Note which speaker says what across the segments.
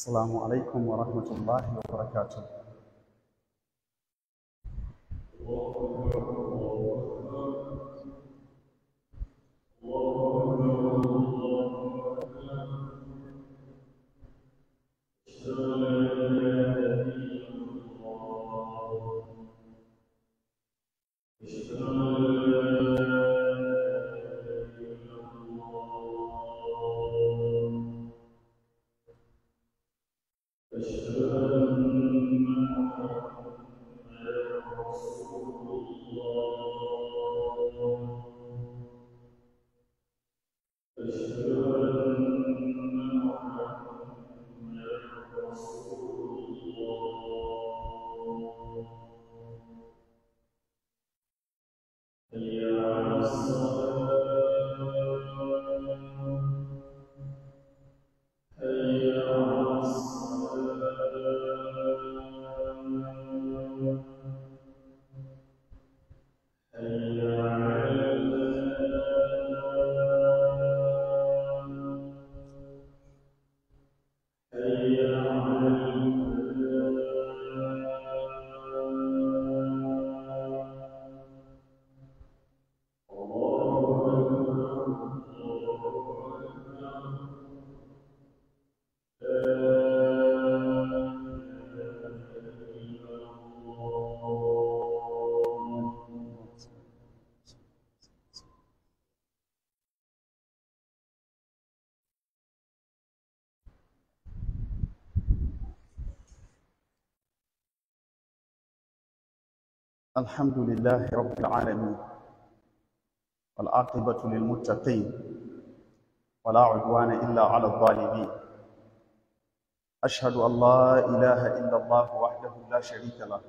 Speaker 1: السلام عليكم ورحمة الله وبركاته
Speaker 2: Thank you.
Speaker 1: الحمد لله رب العالمين والعاقبة للمتقين ولا عدوان إلا على الظالمين أشهد أن لا إله إلا الله وحده لا شريك له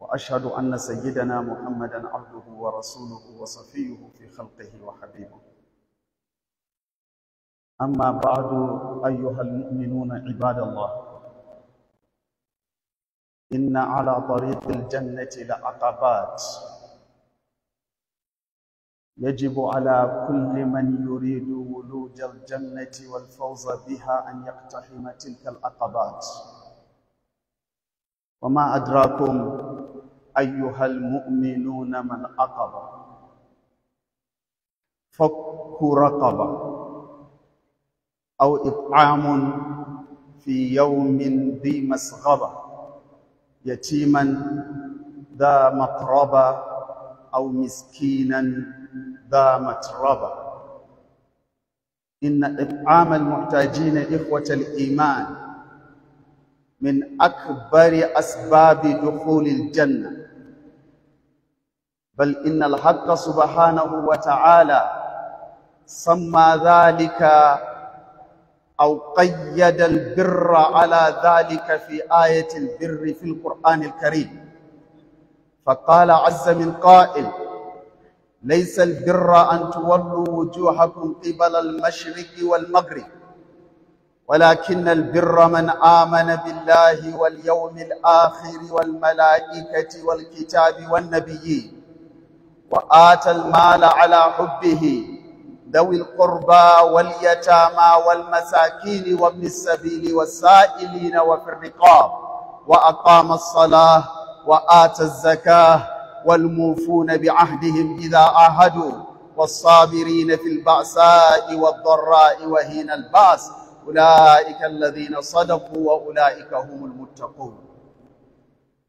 Speaker 1: وأشهد أن سيدنا محمدا عبده ورسوله وصفيه في خلقه وحبيبه أما بعد أيها المؤمنون عباد الله إن على طريق الجنة لعقبات يجب على كل من يريد ولوج الجنة والفوز بها أن يقتحم تلك العقبات وما أدراكم أيها المؤمنون من عقب فك رقبة أو إطعام في يوم ذي مسغبة يتيما ذا مقربة أو مسكينا ذا متربة إن إطعام المحتاجين إخوة الإيمان من أكبر أسباب دخول الجنة بل إن الحق سبحانه وتعالى سمى ذلك أو قيد البر على ذلك في آية البر في القرآن الكريم فقال عز من قائل ليس البر أن تولوا وجوهكم قبل المشرق والمغرب ولكن البر من آمن بالله واليوم الآخر والملائكة والكتاب والنبيين وآتى المال على حبه ذوي القربى واليتامى والمساكين وابن السبيل والسائلين وفي الرقاب وأقام الصلاة وآتى الزكاة والموفون بعهدهم إذا عاهدوا والصابرين في البأساء والضراء وهين البأس أولئك الذين صدقوا وأولئك هم المتقون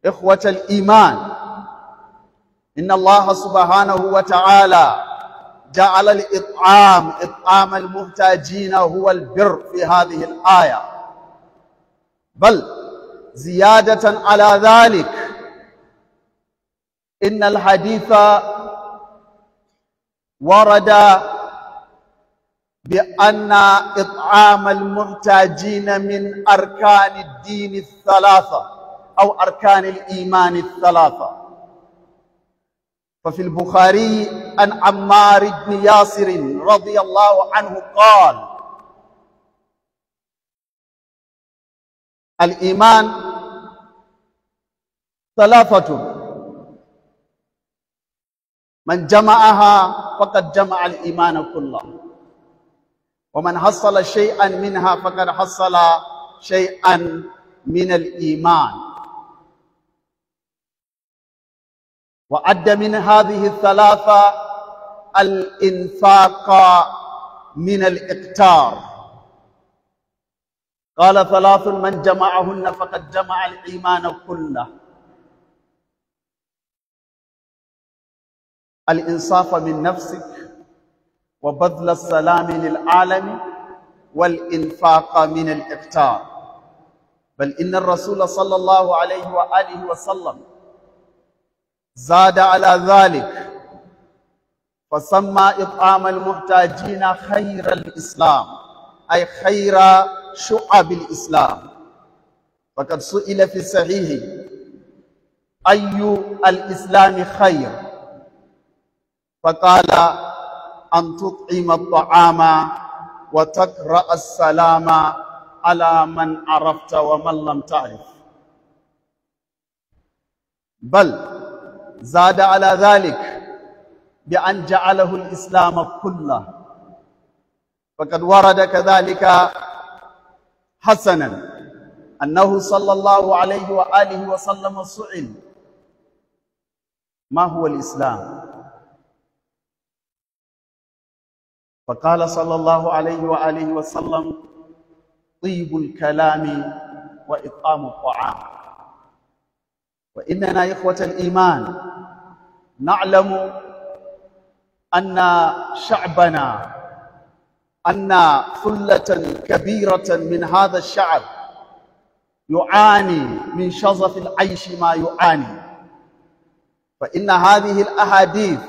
Speaker 1: إخوة الإيمان إن الله سبحانه وتعالى جعل الإطعام إطعام المحتاجين هو البر في هذه الآية بل زيادة على ذلك إن الحديث ورد بأن إطعام المحتاجين من أركان الدين الثلاثة أو أركان الإيمان الثلاثة ففي البخاري عن عمار بن ياسر رضي الله عنه قال الإيمان ثلاثة من جمعها فقد جمع الإيمان كله ومن حصل شيئا منها فقد حصل شيئا من الإيمان وعد من هذه الثلاثة الإنفاق من الإقتار قال ثلاث من جمعهن فقد جمع الإيمان كله الإنصاف من نفسك وبذل السلام للعالم والإنفاق من الإقتار بل إن الرسول صلى الله عليه وآله وسلم زاد على ذلك فسمى إطعام المحتاجين خير الإسلام أي خير شعب الإسلام فقد سئل في الصحيح أي الإسلام خير فقال أن تطعم الطعام وتقرأ السلام على من عرفت ومن لم تعرف بل زاد على ذلك بأن جعله الإسلام كله فقد ورد كذلك حسنا أنه صلى الله عليه وآله وسلم سئل ما هو الإسلام فقال صلى الله عليه وآله وسلم طيب الكلام وإقام الطعام وإننا إخوة الإيمان نعلم أن شعبنا أن ثلة كبيرة من هذا الشعب يعاني من شظف العيش ما يعاني فإن هذه الأحاديث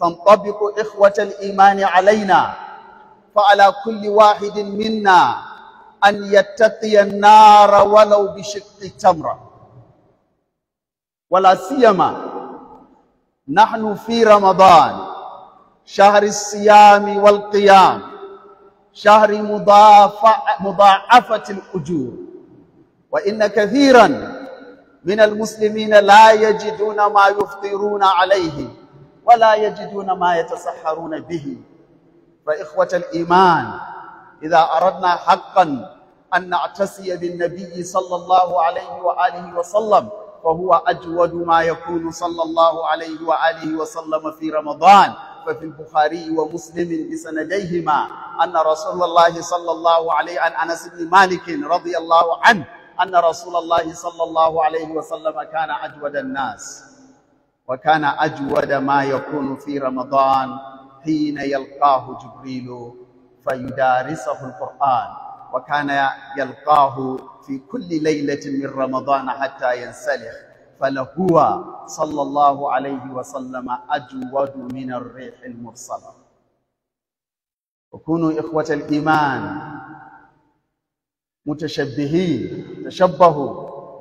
Speaker 1: تنطبق إخوة الإيمان علينا فعلى كل واحد منا أن يتقي النار ولو بشق تمره ولا سيما نحن في رمضان شهر الصيام والقيام شهر مضاعفة الأجور وإن كثيرا من المسلمين لا يجدون ما يفطرون عليه ولا يجدون ما يتسحرون به فإخوة الإيمان إذا أردنا حقا أن نعتسي بالنبي صلى الله عليه وآله وسلم فهو أجود ما يكون صلى الله عليه وآله وسلم في رمضان ففي البخاري ومسلم بسنديهما أن رسول الله صلى الله عليه عن أنس بن مالك رضي الله عنه أن رسول الله صلى الله عليه وسلم كان أجود الناس وكان أجود ما يكون في رمضان حين يلقاه جبريل فيدارسه القرآن وكان يلقاه في كل ليلة من رمضان حتى ينسلخ فلهو صلى الله عليه وسلم أجود من الريح المرسلة وكونوا إخوة الإيمان متشبهين تشبهوا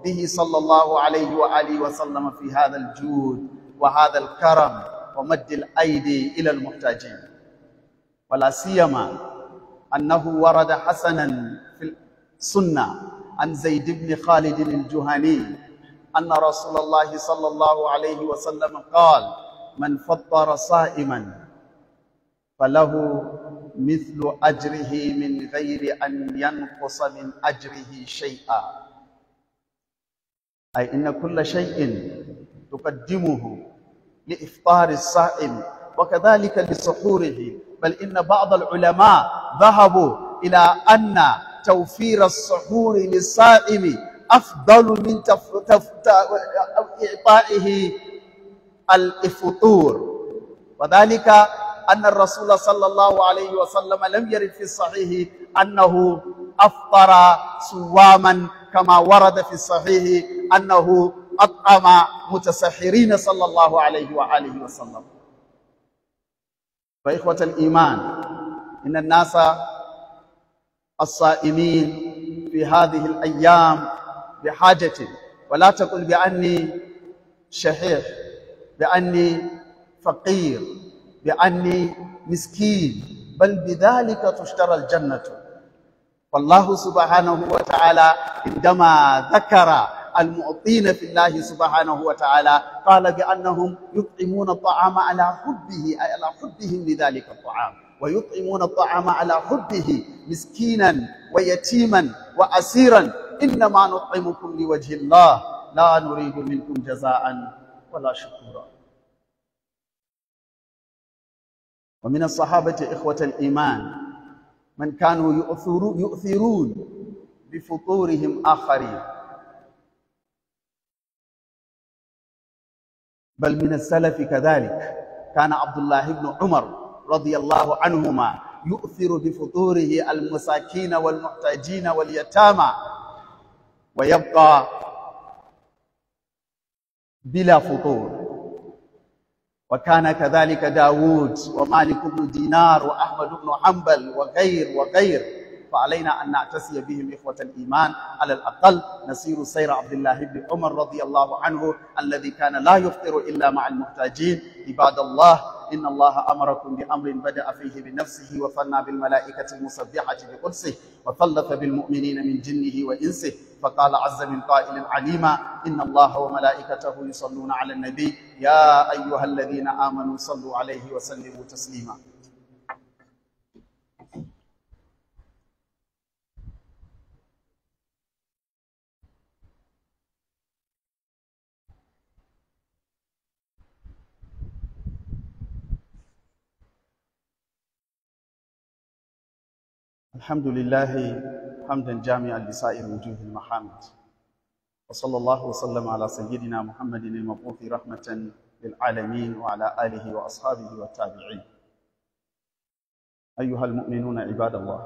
Speaker 1: به صلى الله عليه وآله وسلم في هذا الجود وهذا الكرم ومد الأيدي إلى المحتاجين ولا سيما أنه ورد حسنا في السنة عن زيد بن خالد الجهني أن رسول الله صلى الله عليه وسلم قال من فطر صائما فله مثل أجره من غير أن ينقص من أجره شيئا أي إن كل شيء تقدمه لإفطار الصائم وكذلك لسحوره بل إن بعض العلماء ذهبوا إلى أن توفير السحور للصائم أفضل من إعطائه الإفطور وذلك أن الرسول صلى الله عليه وسلم لم يرد في الصحيح أنه أفطر صواما كما ورد في الصحيح أنه أطعم متسحرين صلى الله عليه وآله وسلم فإخوة الإيمان إن الناس الصائمين في هذه الأيام بحاجة ولا تقل بأني شحيح بأني فقير بأني مسكين بل بذلك تشترى الجنة والله سبحانه وتعالى عندما ذكر المعطين في الله سبحانه وتعالى قال بأنهم يطعمون الطعام على حبه على حبهم لذلك الطعام ويطعمون الطعام على حبه مسكينا ويتيما وأسيرا إنما نطعمكم لوجه الله لا نريد منكم جزاء ولا شكورا ومن الصحابة إخوة الإيمان من كانوا يؤثرون بفطورهم آخرين بل من السلف كذلك كان عبد الله بن عمر رضي الله عنهما يؤثر بفطوره المساكين والمحتاجين واليتامى ويبقى بلا فطور وكان كذلك داود ومالك بن دينار وأحمد بن حنبل وغير وغير فعلينا أن نعتسي بهم إخوة الإيمان على الأقل نسير سير عبد الله بن عمر رضي الله عنه الذي كان لا يفطر إلا مع المحتاجين عباد الله إن الله أمركم بأمر بدأ فيه بنفسه وصلنا بالملائكة المسبحة بقدسه وثلث بالمؤمنين من جنه وإنسه فقال عز من قائل عليما إن الله وملائكته يصلون على النبي يا أيها الذين آمنوا صلوا عليه وسلموا تسليما الحمد لله حمدا جامعا لسائر وجوه المحامد وصلى الله وسلم على سيدنا محمد المبعوث رحمة للعالمين وعلى آله وأصحابه والتابعين أيها المؤمنون عباد الله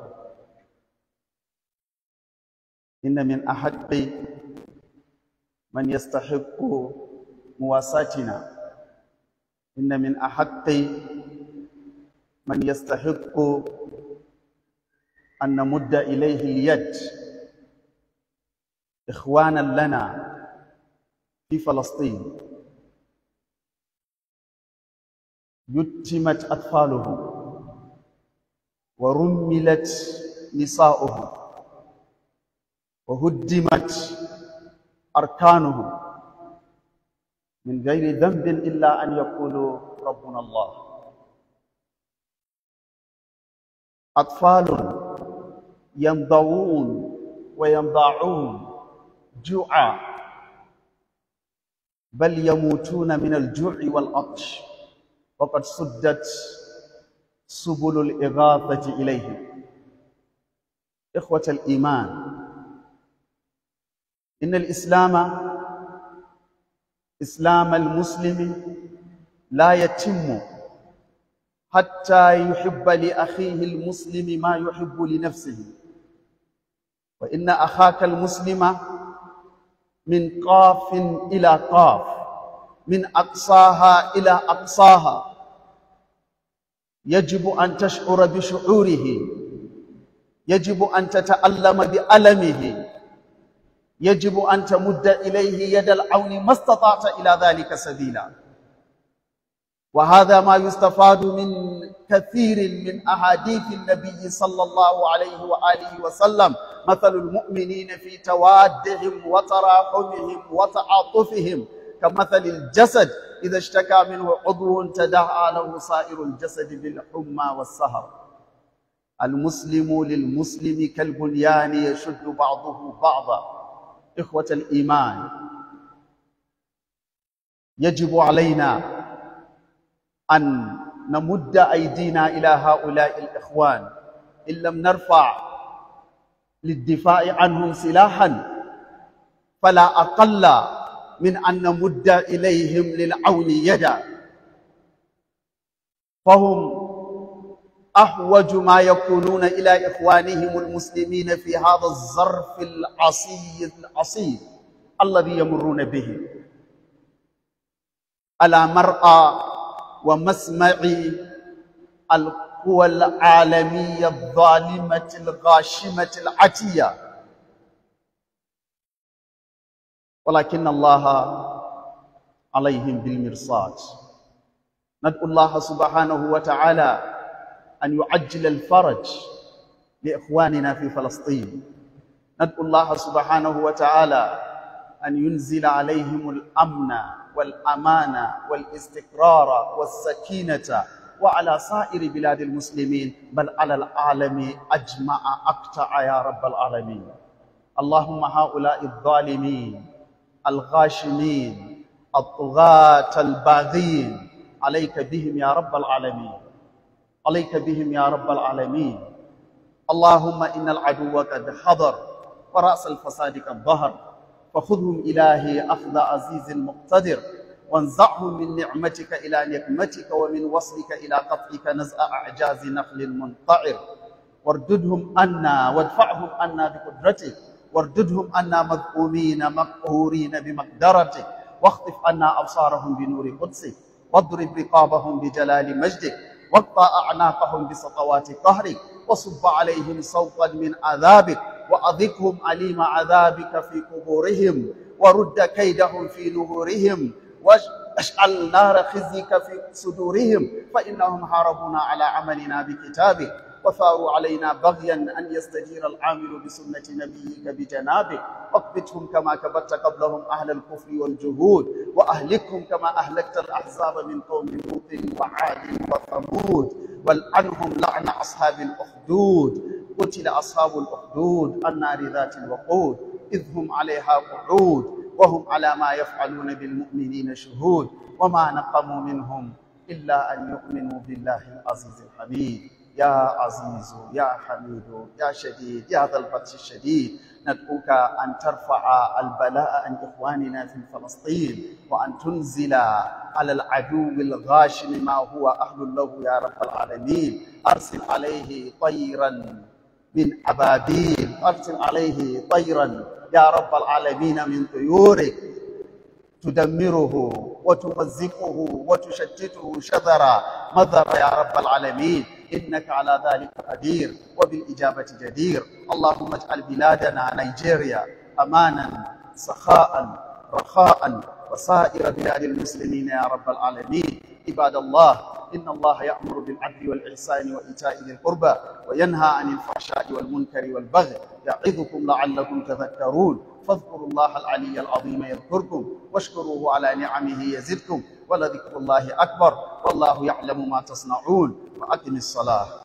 Speaker 1: إن من أحق من يستحق مواساتنا إن من أحق من يستحق أن نمد إليه اليد إخوانا لنا في فلسطين يتمت أطفالهم ورملت نساؤه وهدمت أركانهم من غير ذنب إلا أن يقولوا ربنا الله أطفال يمضون ويمضعون جوعا بل يموتون من الجوع والعطش وقد سدت سبل الإغاثة إليهم إخوة الإيمان إن الإسلام إسلام المسلم لا يتم حتى يحب لاخيه المسلم ما يحب لنفسه وان اخاك المسلم من قاف الى قاف من اقصاها الى اقصاها يجب ان تشعر بشعوره يجب ان تتالم بالمه يجب ان تمد اليه يد العون ما استطعت الى ذلك سبيلا وهذا ما يستفاد من كثير من أحاديث النبي صلى الله عليه وآله وسلم مثل المؤمنين في توادهم وتراحمهم وتعاطفهم كمثل الجسد إذا اشتكى منه عضو تداعى له سائر الجسد بالحمى والسهر المسلم للمسلم كالبنيان يشد بعضه بعضا إخوة الإيمان يجب علينا أن نمد أيدينا إلى هؤلاء الإخوان إن لم نرفع للدفاع عنهم سلاحا فلا أقل من أن نمد إليهم للعون يدا فهم أحوج ما يكونون إلى إخوانهم المسلمين في هذا الظرف العصي العصيب الذي يمرون به ألا مرأى ومسمع القوى العالمية الظالمة الغاشمة العتية ولكن الله عليهم بالمرصاد ندعو الله سبحانه وتعالى أن يعجل الفرج لإخواننا في فلسطين ندعو الله سبحانه وتعالى أن ينزل عليهم الأمن والأمانة والاستقرار والسكينة وعلى سائر بلاد المسلمين بل على العالم أجمع أقطع يا رب العالمين اللهم هؤلاء الظالمين الغاشمين الطغاة الباغين عليك بهم يا رب العالمين عليك بهم يا رب العالمين اللهم إن العدو قد حضر ورأس الفساد قد ظهر فخذهم إلهي أخذ عزيز مقتدر وانزعهم من نعمتك إلى نقمتك ومن وصلك إلى قطعك نزع أعجاز نخل منطعر وارددهم أنا وادفعهم أنا بقدرتك وارددهم أنا مذءومين مقهورين بمقدرتك واخطف أنا أبصارهم بنور قدسك واضرب رقابهم بجلال مجدك واقطع أعناقهم بسطوات قهرك وصب عليهم صوتا من عذابك وأذقهم أليم عذابك في قبورهم ورد كيدهم في نهورهم واشعل نار خزيك في صدورهم فإنهم هاربون على عملنا بكتابك وثاروا علينا بغيا أن يستجير العامل بسنة نبيك بجنابه واكبتهم كما كبت قبلهم أهل الكفر والجهود وأهلكهم كما أهلكت الأحزاب من قوم لوط وعاد وثمود والعنهم لعن أصحاب الأخدود قتل أصحاب الأخدود النار ذات الوقود إذ هم عليها قعود وهم على ما يفعلون بالمؤمنين شهود وما نقموا منهم إلا أن يؤمنوا بالله العزيز الحميد يا عزيز يا حميد يا شديد يا ذا البطش الشديد ندعوك أن ترفع البلاء عن إخواننا في فلسطين وأن تنزل على العدو الغاشم ما هو أهل له يا رب العالمين أرسل عليه طيرا من أبابيل أرسل عليه طيرا يا رب العالمين من طيورك تدمره وتمزقه وتشتته شذرا مذر يا رب العالمين إنك على ذلك قدير وبالإجابة جدير اللهم اجعل بلادنا نيجيريا أمانا سخاء رخاء وسائر بلاد المسلمين يا رب العالمين عباد الله إن الله يأمر بالعدل والإحسان وإيتاء ذي القربى وينهى عن الفحشاء والمنكر والبغي يعظكم لعلكم تذكرون فاذكروا الله العلي العظيم يذكركم واشكروه على نعمه يزدكم ولذكر الله أكبر والله يعلم ما تصنعون وأقم الصلاة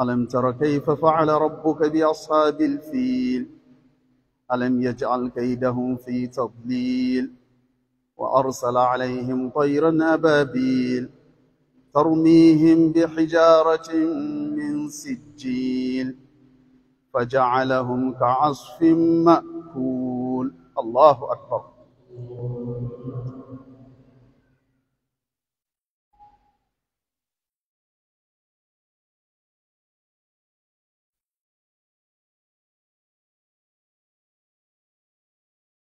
Speaker 1: ألم تر كيف فعل ربك بأصحاب الفيل ألم يجعل كيدهم في تضليل وأرسل عليهم طيرا أبابيل ترميهم بحجارة من سجيل فجعلهم كعصف مأكول الله أكبر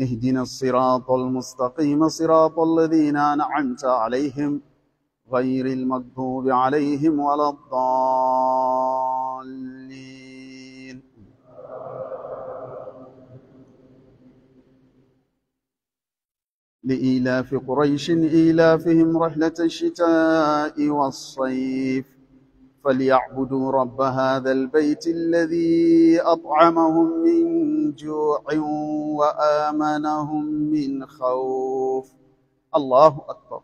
Speaker 1: اهدنا الصراط المستقيم صراط الذين أنعمت عليهم غير المغضوب عليهم ولا الضالين لإيلاف قريش إيلافهم رحلة الشتاء والصيف فليعبدوا رب هذا البيت الذي أطعمهم من جوع وآمنهم من خوف الله أكبر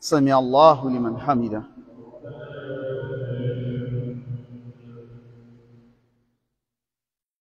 Speaker 1: سمع الله لمن حمده